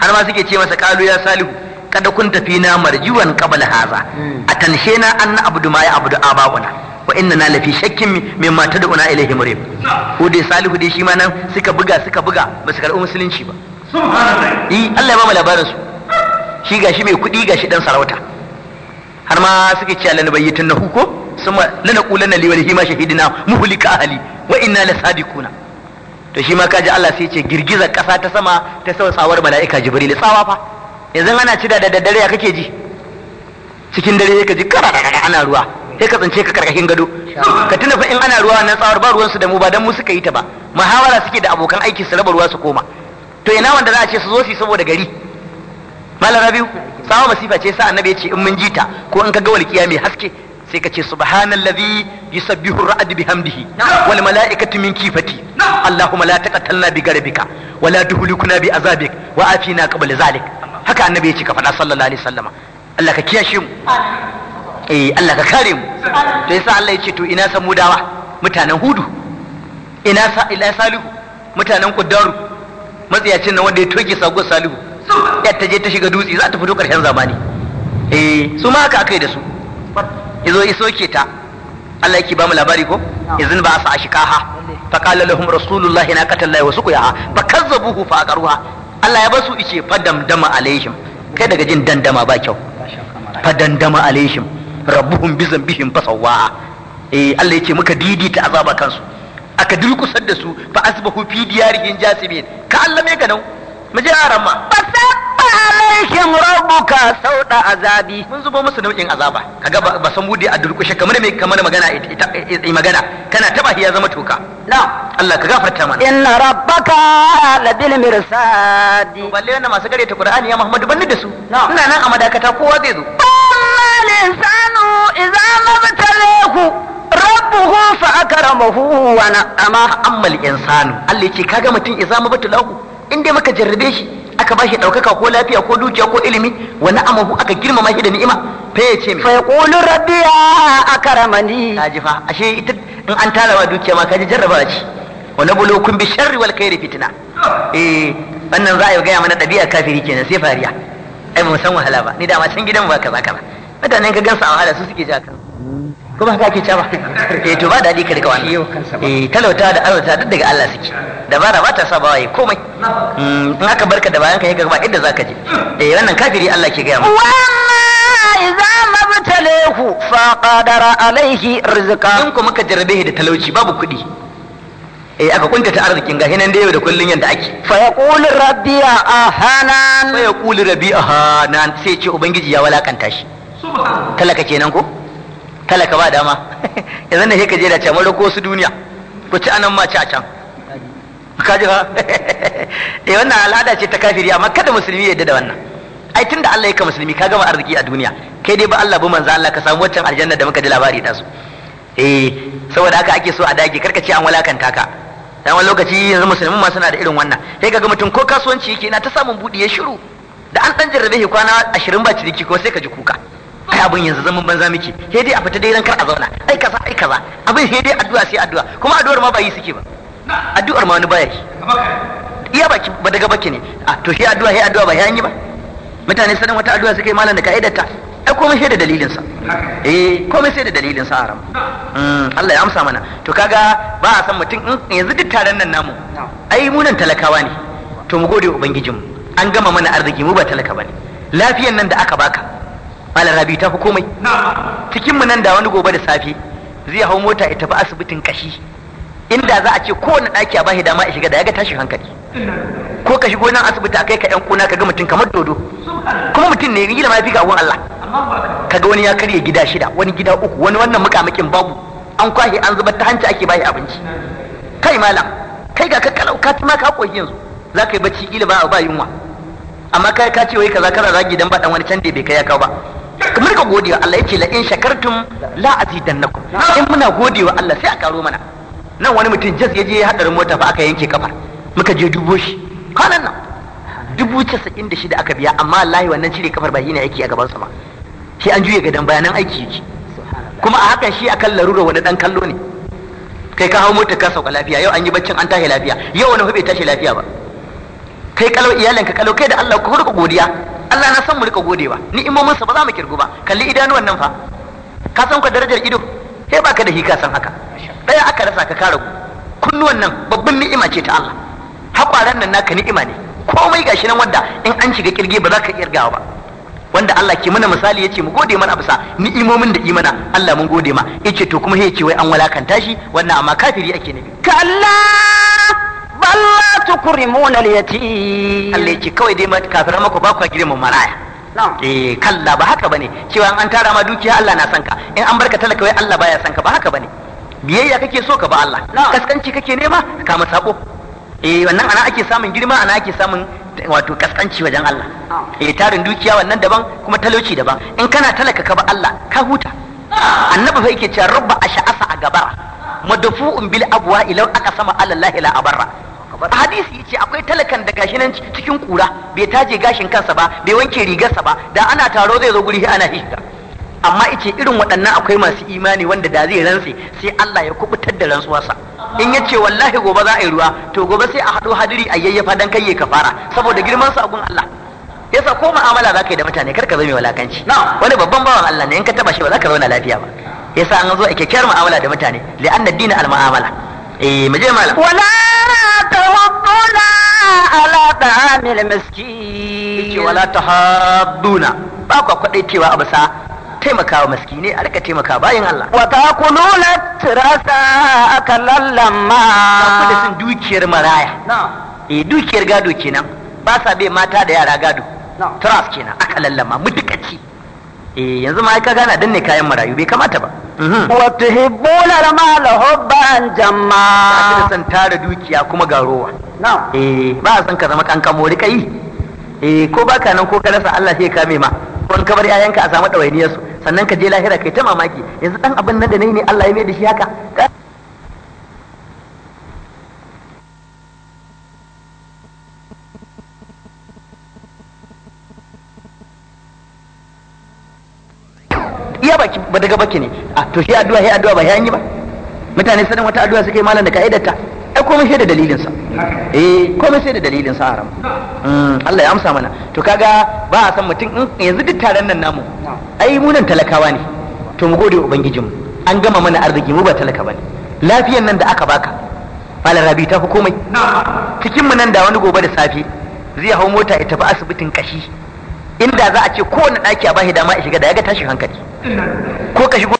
har ma suke ce masa kalu ya Salihu kada kun tafi na marjiwan qabl haza hmm. tanshe na anna abdu ma ya abdu abawana wa inna na lafi shakkin da una ilayhi murib ko dai Salihu dai shi ma nan suka buga suka buga ba su karɓi musulunci ba subhanallah eh, Allah ya ba mu labarin su shi gashi mai kuɗi gashi dan sarauta har ma suke cewa lana bayyatan na ko suma lana qulanna na walhi ma shahidina muhlika ahali wa inna kuna, to shi ma kaji Allah sai ce girgizar ƙasa ta sama ta sau tsawar mala'ika jibril tsawa fa yanzu ana cida da daddare ya kake ji cikin dare ka ji kara ana ruwa sai ka tsince ka karkashin gado ka tuna fa in ana ruwa nan tsawar ba ruwansu da mu ba dan mu suka yi ta ba muhawara suke da abokan aiki su raba ruwa su koma to ina wanda za a ce su zo su saboda gari malam rabiu tsawa masifa ce sa annabi ya ce in mun ji ta ko in ka ga walƙiya mai haske sai ka ce subhanallazi yusabbihu ar-ra'd bihamdihi wal mala'ikatu min kifati allahumma la taqatalna bi garbika wala tuhlikuna bi azabik wa afina qabla zalik haka annabi ya ce ka faɗa sallallahu alaihi wasallama Allah ka kiyashe mu eh Allah ka kare mu to yasa Allah ya ce to ina mudawa? mutanen hudu ina sa ila salihu mutanen kudaru matsiyacin nan wanda ya toke sagon salihu yadda ta je ta shiga dutse za ta fito ƙarshen zamani eh su ma haka akai da su izo iso ke ta Allah yake ba mu labari ko izin ba sa ha fa qala lahum rasulullahi na qatalla wa suqiyaha fa kazzabuhu fa aqaruha Allah ya basu ice fa damdama alaihim kai daga jin dandama ba kyau fa dandama alaihim rabbuhum bi zambihim fa sawwa eh Allah yake muka didita azaba kansu aka dirkusar da su fa asbahu fi diyarihim jasimin ka Allah me ganau mu ji arama fasabba alaihim rabbuka sauda azabi mun zubo musu nau'in azaba kaga ba san bude a durkushe kamar mai kamar magana ita magana kana taba ya zama toka na Allah ka gafarta mana inna rabbaka labil mirsadi balle wannan masu gare ta qur'ani ya muhammadu banni da su ina nan a madakata kowa zai zo linsanu idza mabtalahu rabbuhu fa akramahu wa na'ama amma al insanu Allah yake kaga mutum idza mabtalahu in dai maka jarrabe shi aka ba shi ɗaukaka ko lafiya ko dukiya ko ilimi wa na'amahu aka girmama shi da ni'ima fa ya ce mai fa a karamani ta ji fa ashe ita in an wa dukiya ma kaji jarraba shi. wa na kun bi sharri wal khairi fitina eh wannan za a gaya mana ɗabi'a kafiri kenan sai fariya ai ba mu san wahala ba ni da ma san gidan ba kaza kaza mutanen ka su a wahala su suke ja kan kuma haka ake cewa eh to ba daɗi ka rika wannan eh talauta da arzuta duk daga Allah suke dabara ba ta saba waye komai mm, in aka barka da bayan ka yaga ba inda zaka je eh wannan kafiri Allah ke gaya mu idza mabtalahu fa qadara alayhi rizqa in ku muka jarrabe da talauci babu kuɗi eh aka kuntata arzikin gashi nan da yau da kullun yanda ake fa yaqulu rabbi ahanan fa yaqulu rabbi ahanan sai ce ubangiji ya walakanta shi talaka kenan ko talaka ba dama yanzu ne ka je da ce maroko su duniya ku ci anan ma ci a can ka ji ba eh wannan al'ada ce ta kafiri amma kada musulmi ya yadda da wannan ai tunda Allah ka musulmi ka gama arziki a duniya kai dai ba Allah ba manzo Allah ka samu waccan aljanna da muka ji labari ta su eh saboda haka ake so a dage karka ce an walakanta ka dan wani lokaci yanzu musulmin ma suna da irin wannan sai kaga mutum ko kasuwanci yake na ta samun budi ya shiru da an dan jarrabe shi kwana 20 ba ciki ko sai ka ji kuka ai abin yanzu zaman banza miki he dai a fita dai kar a zauna ai kaza ai kaza abin he dai addu'a sai addu'a kuma addu'ar ma ba yi suke ba addu'ar ma wani baya shi iya baki ba daga baki ne a to shi addu'a He addu'a ba ya yi ba mutane sanin wata addu'a suka yi malam da ka'idar ta ai komai sai da dalilin sa eh komai sai da dalilin sa haram hmm, Allah ya amsa mana to kaga ba a san mutum hmm, yanzu duk taron nan namu ai mu nan talakawa ne to mu gode ubangijinmu an gama mana arziki mu ba talaka bane lafiyan nan da aka baka malam rabi ta fi komai cikin nan da wani gobe da safe zai hau mota ya tafi asibitin kashi inda za a ce kowane ɗaki a bashi dama ya shiga da ya ga tashin hankali ko ka shigo nan asibiti a kai ka ɗan kuna ka ga mutum kamar dodo kuma mutum ne gida ma ya fi ga Allah Ka ga wani ya karya gida shida wani gida uku wani wannan mukamakin babu an kwashe an zubar ta hanci ake bashi abinci kai malam kai ga ka kalau ka ma ka koyi yanzu za ka yi bacci kila ba ba yunwa amma kai ka ce wai kaza kaza zagi dan ba dan wani can da bai kai ya kawo ba kamar ka gode wa Allah yake la in shakartum la azidannakum in muna gode Allah sai a karo mana nan wani mutum jas ya je ya hadarin mota fa aka yanke kafar muka je dubo shi kwanan nan dubu casa'in da shida aka biya amma wallahi wannan cire kafar ba yana aiki a gaban sa ba shi an juye gadan bayanan aiki yake kuma a hakan shi a akan larura wani dan kallo ne kai ka hau mota ka sauka lafiya yau an yi baccin an tashi lafiya yau wani bai tashi lafiya ba kai kalau iyalinka kalau kai da Allah ku rika godiya Allah na san mu rika godewa sa ba za mu kirgu ba kalli idanuwan nan fa ka san ku darajar ido sai baka da hika san haka daya aka rasa ka kare kunnuwan nan babban ni'ima ce ta Allah hakwaran nan naka ni'ima ne komai gashi nan wanda in an shiga kirge ba za ka kirgawa ba wanda Allah ke mana misali yace mu gode mana bisa ni'imomin da imana Allah mun gode ma yace to kuma yace wai an walakanta shi wannan amma kafiri ake nabi Allah balla tukrimuna al-yatim Allah ya ce kawai dai kafiran mako ba ku girman maraya eh kalla ba haka bane cewa an tara ma dukiya Allah na san ka in an barka talaka wai Allah baya san ka ba haka bane biyayya kake so ka ba Allah kaskanci kake nema ka ma sako eh wannan ana ake samun girma ana ake samun wato kaskanci wajen Allah eh tarin dukiya wannan daban kuma talauci daban in kana talaka ka ba Allah ka huta annabi fa yake cewa rabba asha'asa a gabara madafu'un bil abwa ilaw aka sama allahi la abarra akbar hadisi yace akwai talakan da gashi nan cikin kura bai taje gashin kansa ba bai wanke rigarsa ba da ana taro zai zo guri ana hita amma ice irin waɗannan akwai masu imani wanda da zai rantse sai Allah ya kubutar da rantsuwarsa in ya ce wallahi gobe za a yi ruwa to gobe sai a hado hadiri a yayyafa dan kai ya kafara saboda girman sa gun Allah yasa ko ma'amala za ka yi da mutane kar ka zama walakanci na wani babban bawan Allah ne in ka taba shi ba za ka zauna lafiya ba yasa an zo a kyakkyar mu'amala da mutane li'anna dina al-mu'amala eh mu je malam wala ala wala ba a taimakawa a rika bayan Allah tirasa sun dukiyar maraya eh, dukiyar gado kenan ba sa bai mata da yara gado kenan eh yanzu ma ka gana danne kayan marayu bai kamata ba وتحبون المال حبا جما kina san tara dukiya kuma ga rowa eh ba a san ka zama kamo da kai eh ko baka nan ko ka rasa Allah sai ka ma wani kabar yayanka a samu ɗawainiyarsu sannan ka je lahira kai ta mamaki yanzu dan abin nan da nayi ne Allah ya mai da shi haka baki ba daga baki ne a to shi addu'a shi addu'a ba shi yi ba mutane sanin wata addu'a suke malam da ta. ai komai sai da dalilin sa eh komai sai da dalilin sa haram hmm, Allah ya amsa mana to kaga ba a san mutum yanzu duk taron nan namu ai mu nan talakawa ne to mu gode ubangijinmu an gama mana arziki mu ba talaka bane lafiyan nan da aka baka malam rabi ta fi komai cikin mu nan da wani gobe da safe zai hau mota ya tafi asibitin kashi inda za a ce kowane ɗaki a bashi dama ya shiga da ya ga tashin hankali ko ka shigo